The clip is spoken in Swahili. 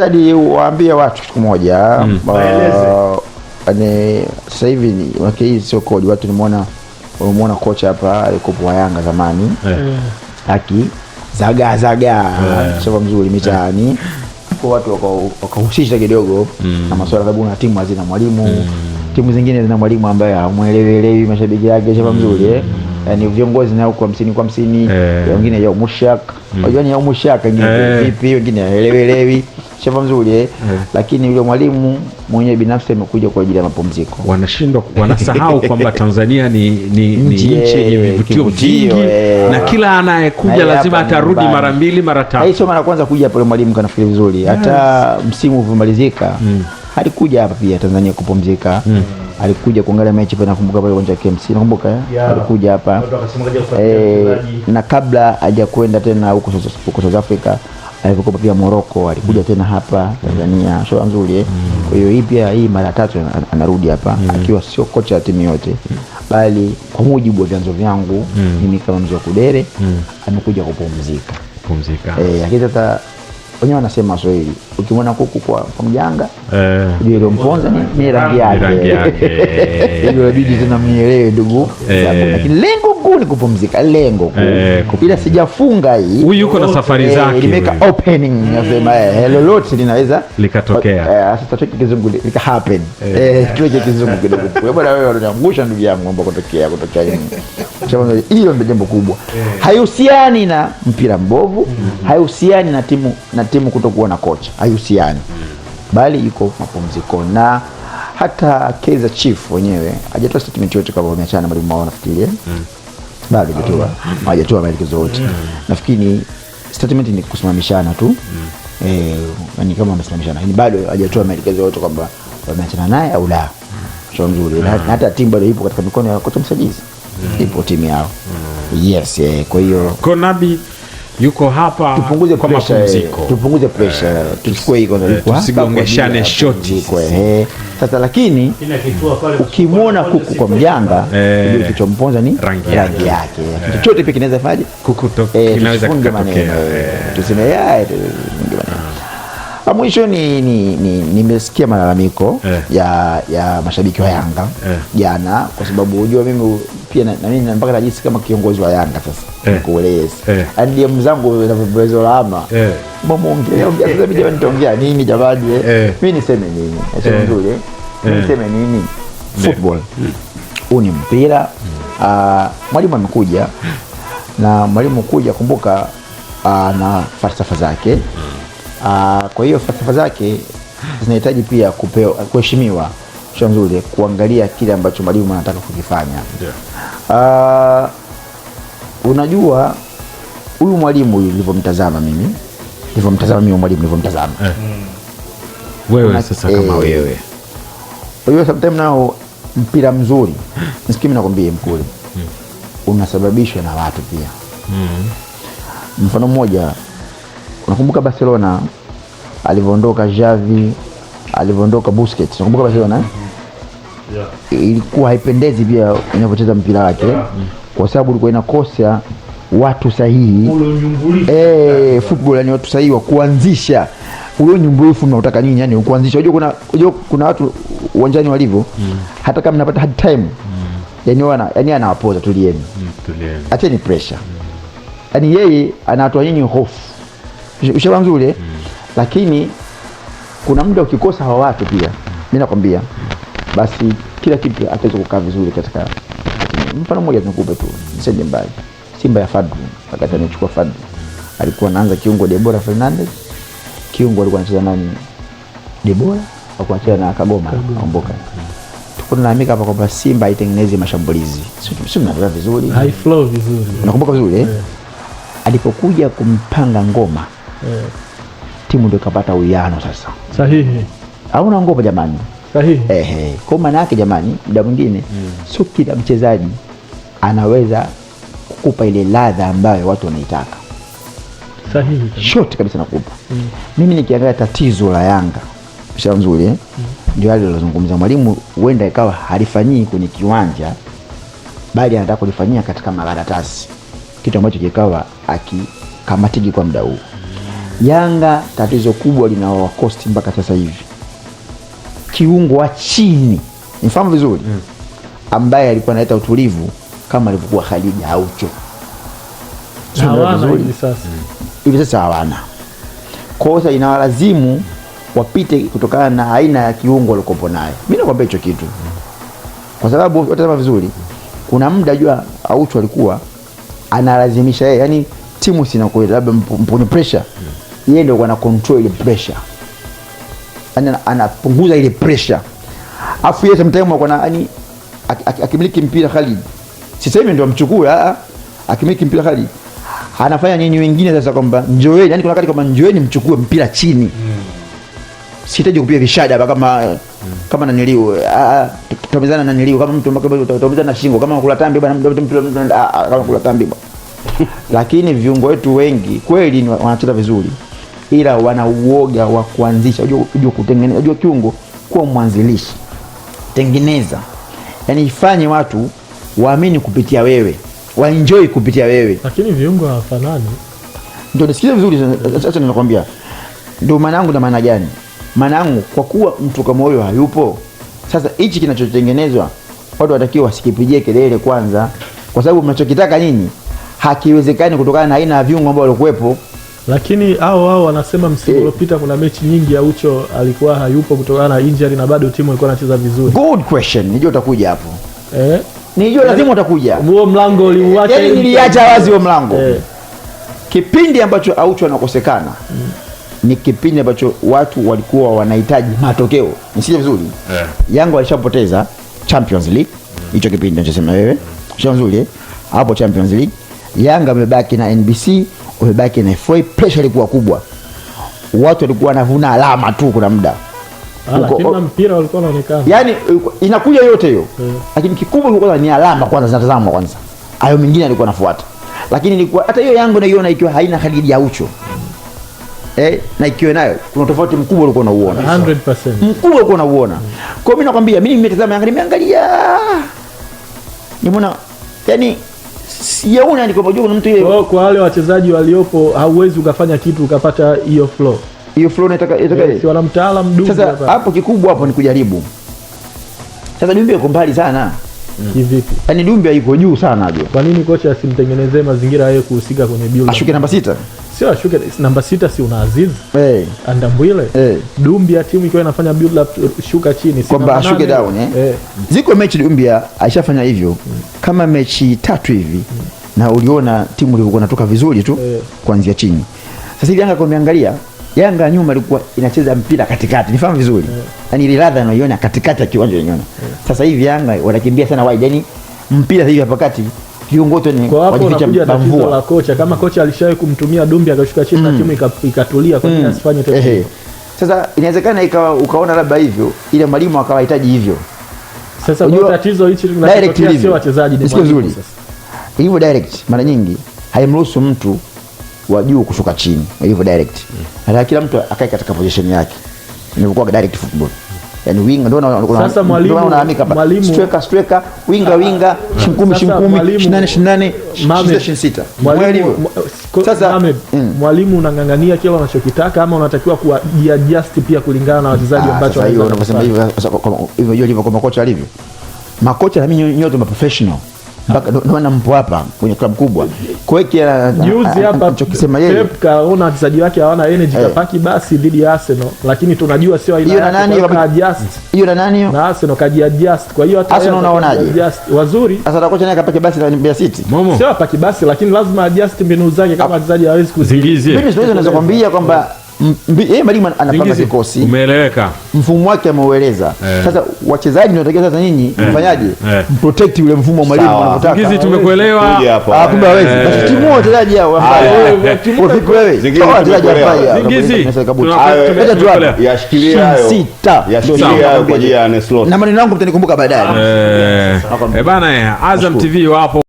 zadi waambie watu kitu moja mm. Uh, ni sasa hivi wake hii sio kodi watu nimeona wamemuona kocha hapa alikuwa wa Yanga zamani yeah. Hmm. Aki zaga zaga yeah. Sofa mzuri mitaani yeah. Kwa watu wakahusisha kidogo mm. na masuala sababu na timu hazina mwalimu mm. Timu zingine zina mwalimu ambaye hamuelewi mashabiki yake sofa mzuri mm. eh yani eh, viongozi na huko hamsini kwa hamsini eh. wengine ya umushaka mm. unajua ni ya umushaka wengine eh. vipi wengine haelewelewi shafa mzuri eh lakini yule mwalimu mwenyewe binafsi amekuja kwa ajili ya mapumziko wanashindwa wanasahau kwamba Tanzania ni ni, ni nchi yenye vivutio vingi na kila anayekuja lazima atarudi mara mbili mara tatu hiyo mara kwanza kuja pale mwalimu kanafikiri vizuri hata msimu umemalizika mm. alikuja hapa pia Tanzania kupumzika mm alikuja kuangalia mechi pale, nakumbuka pale uwanja wa KMC nakumbuka yeah. Alikuja hapa eh, na kabla hajakwenda tena huko huko South Africa alivyokuwa pia Morocco alikuja mm. tena hapa mm. Tanzania, sio nzuri eh. mm. Kwa hiyo hii pia hii mara tatu anarudi hapa mm. akiwa sio kocha wa timu yote mm. bali kwa mujibu wa vyanzo vyangu mm. mimi kama mzee wa Kudere mm. amekuja kupumzika pumzika, eh, lakini sasa wenyewe wanasema Waswahili, ukimwona kuku kwa, kwa mjanga eh, ujue mponza ni rangi yake. Hivyo inabidi tena mnielewe ndugu, lakini eh. lengo kuu ni kupumzika, lengo kuu, eh, ila sijafunga hii. Huyu yuko na safari eh, zake, nimeka opening, nasema eh, lolote linaweza likatokea. Sasa tuweke kizungu lika happen, eh, tuweke kizungu kidogo tu bwana. Wewe unaniangusha ndugu yangu, mambo kutokea kutokea hivi Sababu hilo ndio jambo kubwa, haihusiani na mpira mbovu, mm-hmm. haihusiani na timu na timu kutokuwa na kocha haihusiani, bali iko mapumziko na hata Kaizer Chiefs wenyewe hajatoa statement yote kama wameachana na mwalimu wao nafikiri mm. bado hajatoa mm. hajatoa maelekezo yote mm. nafikiri statement ni kusimamishana tu mm. eh, ni kama wamesimamishana, lakini bado hajatoa maelekezo yote kwamba wameachana naye au la mzuri mm. mm. hata timu bado ipo katika mikono ya kocha msajizi mm. ipo timu yao mm. yes eh, kwa hiyo Konabi yuko hapa tupunguze kwa mapumziko, eh, tupunguze pressure eh, tuchukue hiyo eh, tusigongeshane shoti eh. Sasa lakini ukimwona kuku kwa mjanga eh, kichomponza ni rangi yake yake chochote eh. pia kinaweza faje kuku eh, kinaweza kutokea tuseme yeye ah, mwisho ni nimesikia ni, ni malalamiko eh, ya, ya mashabiki wa Yanga jana eh, kwa sababu unajua mimi pia na mimi mpaka najisi kama kiongozi wa Yanga sasa eh, kueleza eh, yaani ndio mzangu zinavyobezo lama eh, mbona ongelea ongea mimi nitaongea nini jamani eh, eh, mimi niseme nini sio eh. nzuri eh, mimi eh. niseme nini football huu ni mpira hmm. ah, mwalimu amekuja na mwalimu kuja, kumbuka ah, na falsafa zake. Hmm. Ah, kwa hiyo falsafa zake zinahitaji pia kupewa kuheshimiwa, sio nzuri kuangalia kile ambacho mwalimu anataka kukifanya, yeah. Uh, unajua huyu mwalimu huyu nilivyomtazama mimi nilivyomtazama mimi mwalimu nilivyomtazama eh. Hmm. Wewe una, sasa eh, wewe wewe sometimes nao mpira mzuri nisikie mimi nakwambia mkuli hmm. unasababishwa na watu pia hmm. Mfano mmoja unakumbuka Barcelona alivyoondoka Xavi alivyoondoka Busquets unakumbuka Barcelona eh? yeah. ilikuwa haipendezi pia inavyocheza mpira wake yeah. Mm. kwa sababu ilikuwa inakosa watu sahihi eh, football yani watu sahihi wa kuanzisha huyo nyumbulifu mnautaka nyinyi, yani kuanzisha. Unajua kuna unajua kuna watu uwanjani walivyo mm. hata kama mnapata hard time mm. yani wana yani anawapoza, tulieni mm, acheni pressure mm. yani yeye anatoa nyinyi hofu, ushauri nzuri mm. lakini kuna muda ukikosa hawa watu pia, mimi mm. nakwambia mm basi kila kitu ataweza kukaa vizuri katika mfano mmoja tunakupa tu msende mbali Simba ya Fadlu wakati anachukua Fadlu alikuwa anaanza kiungo Debora Fernandez kiungo alikuwa anacheza nani Debora alikuwa na Kagoma kumbuka tuko tunaamika hapa kwamba Simba haitengenezi mashambulizi si mnaelewa vizuri nakumbuka vizuri yeah. Eh. alipokuja kumpanga ngoma yeah. timu ndio ikapata uwiano sasa sahihi hauna ngoma jamani sahihi. Ehe, kwa maana yake jamani, muda mwingine mm. sio kila mchezaji anaweza kukupa ile ladha ambayo watu wanaitaka. Sahihi shoti kabisa nakupa mm. mimi nikiangalia tatizo la Yanga sha nzuri eh? mm. ndio hali alilozungumza mwalimu, huenda ikawa halifanyii kwenye kiwanja, bali anataka kulifanyia katika makaratasi, kitu ambacho kikawa akikamatiki kwa muda huu. Hmm. Yanga tatizo kubwa linawakosti mpaka sasa hivi kiungo wa chini, mfahamu vizuri mm. ambaye alikuwa analeta utulivu kama alivyokuwa Khalid Aucho mm. hivi sasa hawana. Kwa hiyo inawalazimu wapite kutokana na aina ya kiungo walikopo nayo. Mimi nakwambia hicho kitu, kwa sababu watazama vizuri, kuna muda jua Aucho alikuwa analazimisha yeye, yani timu sinakuwa labda mpuni pressure, mm. yeye ndio ana control ile pressure Yaani anapunguza ile presha Afu yeye sometimes anakuwa yani yaani, akimiliki mpira Khalid, sisemi ndio amchukue, a akimiliki mpira Khalid anafanya nyinyi wengine sasa, kwamba njoeni, yani kuna wakati kwamba njoeni mchukue mpira chini mm. Sihitaji kupiga vishada hapa kama mm. kama naniliu tutamezana naniliu kama mtu tutamezana na shingo kama kula tambi bwana, kama kula tambi bwana lakini viungo wetu wengi kweli wanacheza vizuri ila wana uoga wa kuanzisha. Unajua kutengeneza, unajua kiungo kuwa mwanzilishi, tengeneza, yani ifanye watu waamini kupitia wewe, waenjoy kupitia wewe, lakini viungo hawafanani. Ndio, nisikilize vizuri sasa, ninakwambia ndio maana yangu. Na maana gani? Maana yangu kwa kuwa mtu kama huyo hayupo, sasa hichi kinachotengenezwa watu watakiwa wasikipigie kelele kwanza, kwa sababu mnachokitaka nyinyi hakiwezekani kutokana na aina ya viungo ambao walikuwepo lakini hao hao wanasema msimu eh. uliopita kuna mechi nyingi ya ucho alikuwa hayupo kutokana na injury na bado timu ilikuwa inacheza vizuri. Good question. Nijua utakuja hapo. Eh. Nijua lazima eh, utakuja. Huo mlango uliuacha. yani niliacha wazi huo mlango. Eh. Kipindi ambacho Aucho anakosekana mm. ni kipindi ambacho watu walikuwa wanahitaji matokeo. Nisije vizuri. Yeah. Yango alishapoteza Champions League mm. hicho mm. kipindi anachosema wewe. Sio nzuri eh. Hapo Champions League Yanga amebaki na NBC umebaki na FA. Pressure ilikuwa kubwa, watu walikuwa wanavuna alama tu, kuna muda ah, oh, mpira walikuwa wanaonekana, yani inakuja yote hiyo hmm. Lakini kikubwa kilikuwa ni alama kwanza zinatazamwa kwanza, hayo mengine alikuwa anafuata, lakini ilikuwa hata hiyo yango naiona ikiwa haina hadidi ya ucho Eh, na ikiwa nayo kuna tofauti mkubwa ulikuwa unauona 100%. Mkubwa ulikuwa unauona. Kwa hiyo mimi nakwambia mimi nimetazama Yanga nimeangalia. Nimeona yani sijaona yani kwamba kuna mtu yeye. Kwa kwa wale wachezaji waliopo, hauwezi ukafanya kitu ukapata hiyo flow. Hiyo flow inataka inataka yes, wana mtaalamu dumu sasa Hapo kikubwa hapo ni kujaribu. Sasa Dumbi yuko mbali sana. Mm. Kivipi? Mm. Yaani Dumbi yuko juu sana hapo. Kwa nini kocha asimtengenezee mazingira yeye kuhusika kwenye build? Ashuke namba sita sio ashuke namba sita, si una Aziz hey. Andambwile hey. dumbia timu ikiwa inafanya build up shuka chini, kwamba ashuke down eh? hey. Eh. Ziko mechi Dumbia aishafanya hivyo hmm. kama mechi tatu hivi hmm. na uliona timu ilikuwa inatoka vizuri tu hey. Eh. kuanzia chini. Sasa hivi Yanga kwa umeangalia Yanga nyuma ilikuwa inacheza mpira katikati, nifahamu vizuri hey. Eh. Yani ile ladha anaiona katikati ya kiwanja yenyewe hey. Sasa hivi Yanga wanakimbia sana wide, yani mpira hivi hapa kati viungo wote ni kwa hapo unakuja la kocha. Kama kocha alishawahi kumtumia Dumbi akashuka chini mm. na timu ikatulia, kwa nini mm. asifanye tena? Sasa inawezekana ikawa ukaona labda hivyo, ile mwalimu akawahitaji hivyo. Sasa kwa tatizo hichi tunatokea sio wachezaji, ni mwalimu. Sasa hivyo direct mara nyingi haimruhusu mtu wa juu kushuka chini, hivyo direct, hata mm. kila mtu akae katika position yake, ni kwa direct football yani winga ndio unaona mwalimu unalalamika mwalimu striker striker winga winga shimkumi shimkumi 28 28 26 mwalimu sasa mwalimu unangangania kile unachokitaka ama unatakiwa ku adjust pia kulingana na wachezaji ah, ambao wanavyosema hivyo hivyo hivyo kwa makocha alivyo makocha na mimi nyote ni professional mpaka ndio maana mpo hapa kwenye klabu kubwa. Kwa hiyo juzi hapa yeye, Pep kaona wachezaji wake hawana energy, eh. kapaki basi dhidi ya Arsenal, lakini tunajua sio aina yake. Nani adjust hiyo na nani na Arsenal adjust. Kwa hiyo hata Arsenal unaonaje adjust wazuri sasa, naye kapaki basi na City, sio kapaki basi, lakini lazima adjust mbinu zake, kama wachezaji hawezi kuzingizia. Mimi siwezi naweza kwambia kwamba yeye mwalimu anapanga kikosi, umeeleweka, mfumo wake ameueleza. Eh. Sasa wachezaji tunatakiwa sasa nyinyi eh. mfanyaje? Eh. Protect yule mfumo wa mwalimu anataka. Zingizi, tumekuelewa. Ah, kumbe hawezi. Eh. Basi timu wachezaji hao ambao vipi wewe? Zingizi, zingizi. Yashikilia hayo. Sita. Yashikilia hayo kwa ajili ya Neslot Na maneno yangu mtanikumbuka baadaye. Eh, eh bana, Azam TV wapo.